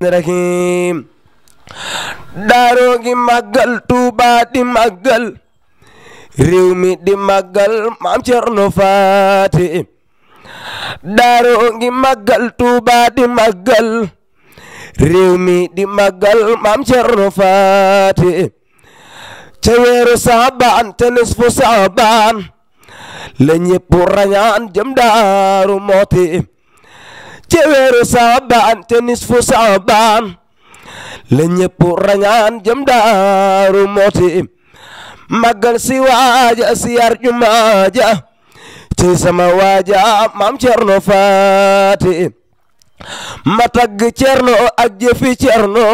rahim daaroo ngi Tuuba di màggal réew mi di màggal maam Cerno Faati daaroo ngi Tuuba di màggal réew mi di màggal maam Cerno Faati ca weeru saabaan ca nisfu saabaan la rañaan jëm daaru mooti ci weeru saabaan te nisfu saabaan la ñëpp rañaan jëm daaru mooti màggal si waaja si yar jumaaja ci sama waaja maam cerno faati ma tagg cerno ak jëfi cerno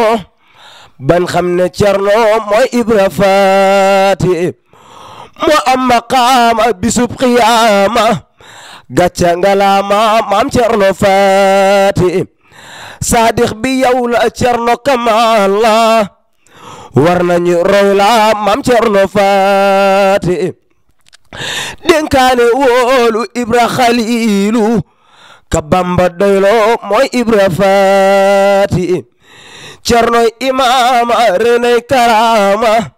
ban xam ne cerno mooy ibra faati moo am maqaama bisub qiyaama Gacang ma maam Cerno fati saadix bi yow la Cerno kamala warna war roy la maam Cerno fati denkane wolu Ibra Xaliilu ka Bamba doyloo mooy Ibra Faati Cernoy imaama rene karama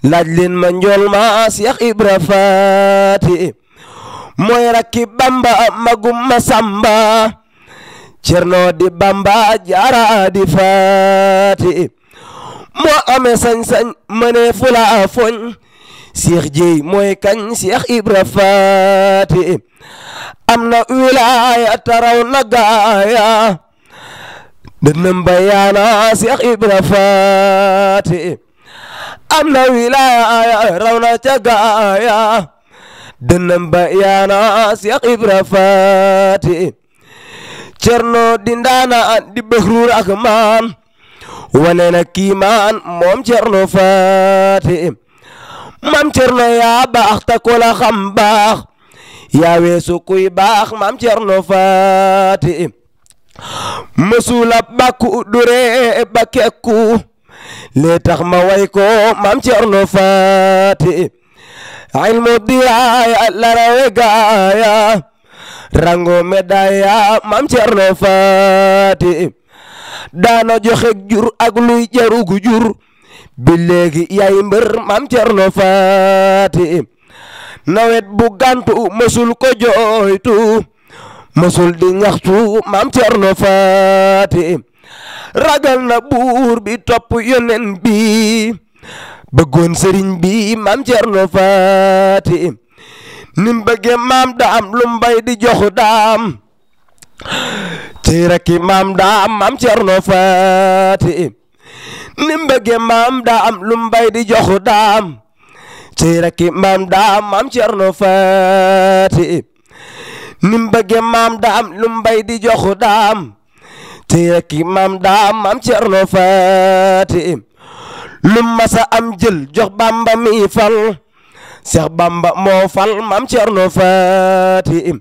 laaj leen ma mooy rakki bamba magum ma samba cerno di bamba jaara di faati moo amee sañ mëne fula foñ Seex Jeey mooy kañ Seex Ibra faati am na wilaaya taraw na gaaya dënnam bayaana Seex Ibra faati am na wilaaya raw na ca dënnam ba yaana Seex Ibra Faati cerno di ndaana di bëxru rahmaan wane na kiimaan moom cerno Faati maam cerno yaa baax ta ko la xam baax yaa weesu kuy baax maam cerno Faati mësula bàkku duree ba kekku lee tax ma way ko maam cerno Faati ilmu diraya la rawe gaaya rango medaya mam Cerno Faati daana joxe jur ak luy jarugu jur bi léegi yaay mbër mam Cerno Faati nawet bu gantu mësul ko jooytu mësul di ñaxtu mam Cerno Faati ragal na buur bi topp yonen bi bëggoon sëriñ bi maam Cerno Faati nim bëgge maam daam lum bay di jox daam ci rakki maam daam maam Cerno Faati nim bëgge maam daam lum bay di jox daam ci rakki maam daam maam Cerno Faati nim bëgge maam daam lum bay di jox daam ci rakki maam daam maam Cerno Faati lum masa am jël jox bamba mi fal seex bamba moo fal mam cerno faati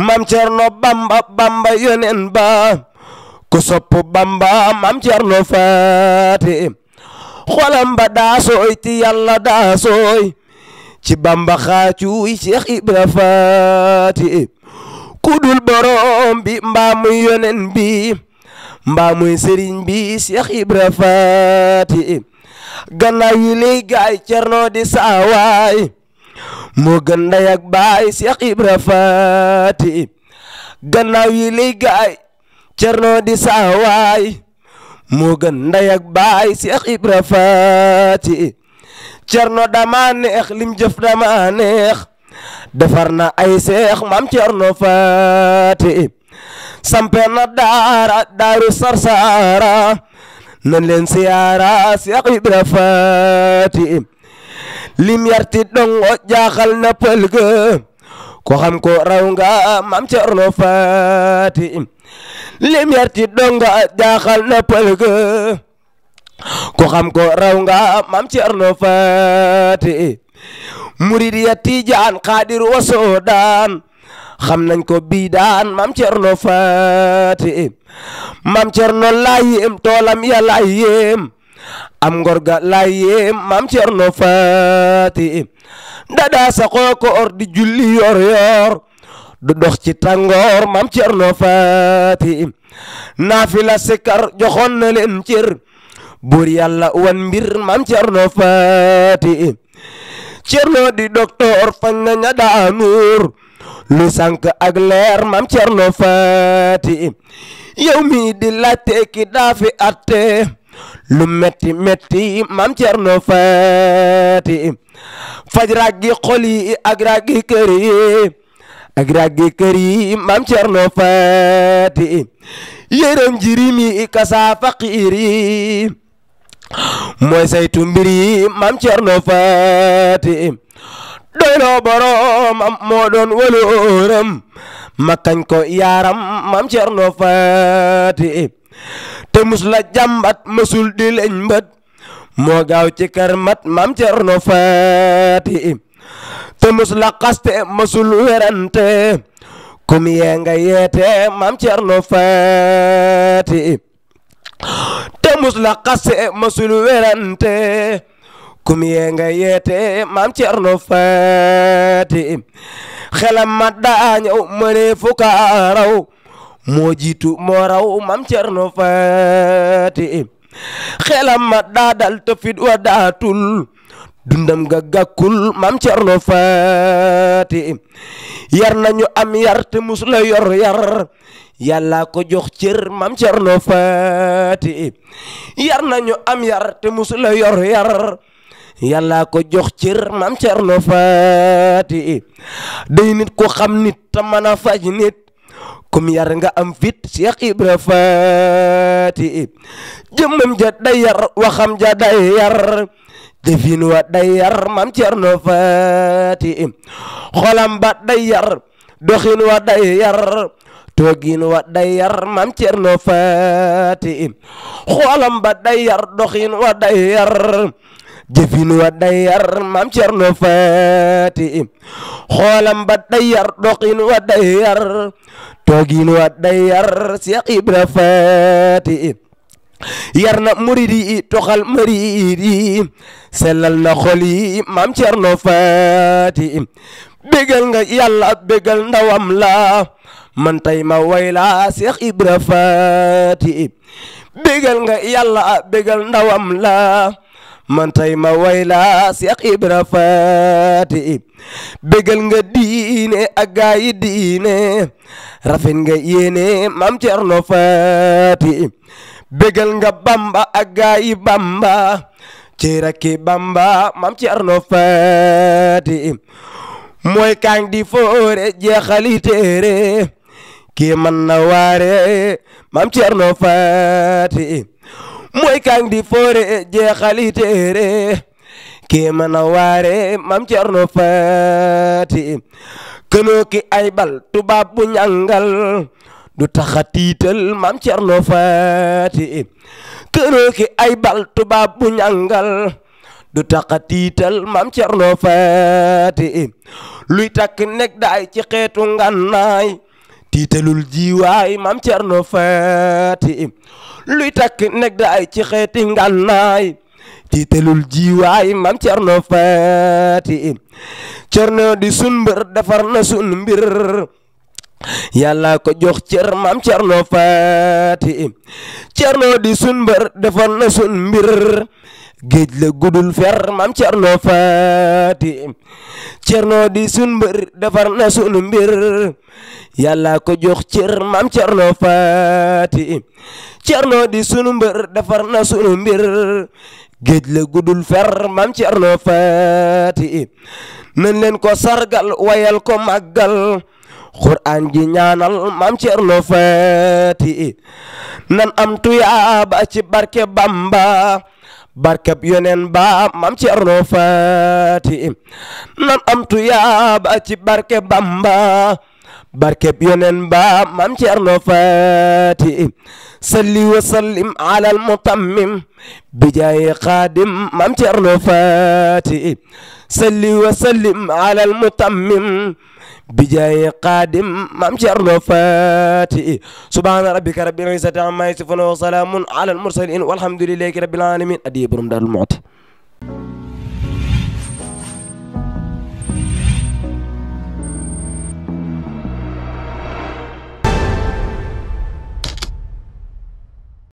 mam cerno bamba bamba yonen ba ku sopp bamba mam cerno faati xolam ba daasooy ti yàlla daasooy ci bamba xaacuy seex ibra faati ku dul borom bi yonen bi mbaa muy sëriñ bi ibra faati gannaay yi lay gaay cerno di saawaay moo gën ndey ak baay Seex Ibra Faati gannaaw yi lay gaay cerno di saawaay moo gën ndey ak baay Seex Ibra Faati cerno dama neex lim jëf dama neex defar na ay seex maam cerno Faati sampe na daara sarsaara nan leen siyaara Seex Ibra Faati lim yarti dongo jaaxal na pël ko xam ko raw nga Maam Cerno Faati lim yarti dongo jaaxal na pël ko xam ko raw nga Maam Cerno Faati murid ya Tijaan Xaadir wa Soodaan xam nañ ko bii daan mam cerno faati mam cerno laa yéem toolam ya laa yéem am ngorga laa yéem mam cerno faati dadaa sa kooko or di julli yor yor du dox ci tàngoor mam cerno faati naafila sikar joxoon na leen cër buur yàlla wan mbir mam cerno faati cerno di docteur fañ na ña daa nuur lu sànq ak leer mam cerno faati yow mi di laajte ki daafi atte lu metti metti mam cerno faati faj raggi xol yi ak raggi kër yi raggi kër mam cerno faati yërëm jirimi kasa faqiiri mooy saytu mbiri mam cerno faati doyloo boroomam moo doon walooram ma kañ ko yaaram mam Cerno Faati te la jàmbat mësul di leñ mbët moo gaaw ci kër mat mam Cerno Faati te mus la xaste mësul werante kum yee yeete mam Cerno Faati te mus la xaste mësul werante kum yee nga yeete maam Cerno Faati xelam ma daa ñëw mënee fu ka raw moo jiitu moo raw maam Cerno ma daa dal te fit wa daatul dundam ga gàkkul maam Cerno Faati yar nañu am yar te mus la yor yar yàlla ko jox cër maam Cerno Faati yar nañu am yar te mus la yor yar yalla ko jox cer maam Cerno fati day nit ku xam nit ta mana faj nit kum yar nga am fit Cheikh Ibra fati jëmmam ja day yar waxam ja day yar wa day yar maam Cerno fati xolam ba day yar doxin wa day yar wa day yar Cerno fati xolam ba day yar doxin wa day jëfin wa dayar maam Cerno Faati xoolam ba dayar doxin wa dayar toogin wa dayar Seex Ibra Faati yar na murid yi toxal murid yi sellal na xol yi maam Cerno Faati bégal nga yàlla bégal ndawam la man tay ma way la Seex Ibra Faati bégal nga yàlla bégal ndawam la manta tay ma wayla Seex Ibra Faati bégal nga diine ak gaayi diine rafet nga yéene Maam Cerno Faati bégal nga Bamba ak gaayi Bamba ci rakki Bamba Maam Cerno Faati mooy kaang di foore jeexali téere kii man na waare Maam Cerno Faati mooy kang di foore jeexali téere kee mën a waare mam cerno faati kënoo ki ay bal tubaab bu ñangal du taxa tiital mam cerno faati kënoo ki ay bal tubaab du taxa tiital mam cerno faati luy takk nekk daay ci xeetu ngannaay tiitalul jiwaay mam cerno faati luy takk neg ay ci xeeti ngànnaay ci telul jiwaay mam cerno faati cerno di sun mbër defar na sun mbir yàlla ko jox cër maam cerno faati cerno di sun mbër defar na sun mbir géej la gudul fer maam noo Faati Cerno di sun mbër defar na sunu mbir yàlla ko jox cër maam Cerno Faati Cerno di sunu mbër defar na sunu mbir géej la gudul fer maam Cerno Faati nañ leen ko sargal wayal ko màggal Qur'an ji ñaanal maam Cerno Faati nan am tuyaaba ci barke Bamba barkab yonen ba mam Cerno Faati nan am tuyaaba ci barke Bamba barkeb yonen ba mam Cerno Faati salli wa sallim ala al mutammim bijaaye xaadim mam Cerno Faati salli wa sallim ala al بجاي قادم مام شرلو فاتي سبحان ربك رب العزة عما يصفون وسلام على المرسلين والحمد لله رب العالمين أدي برمدار المعطي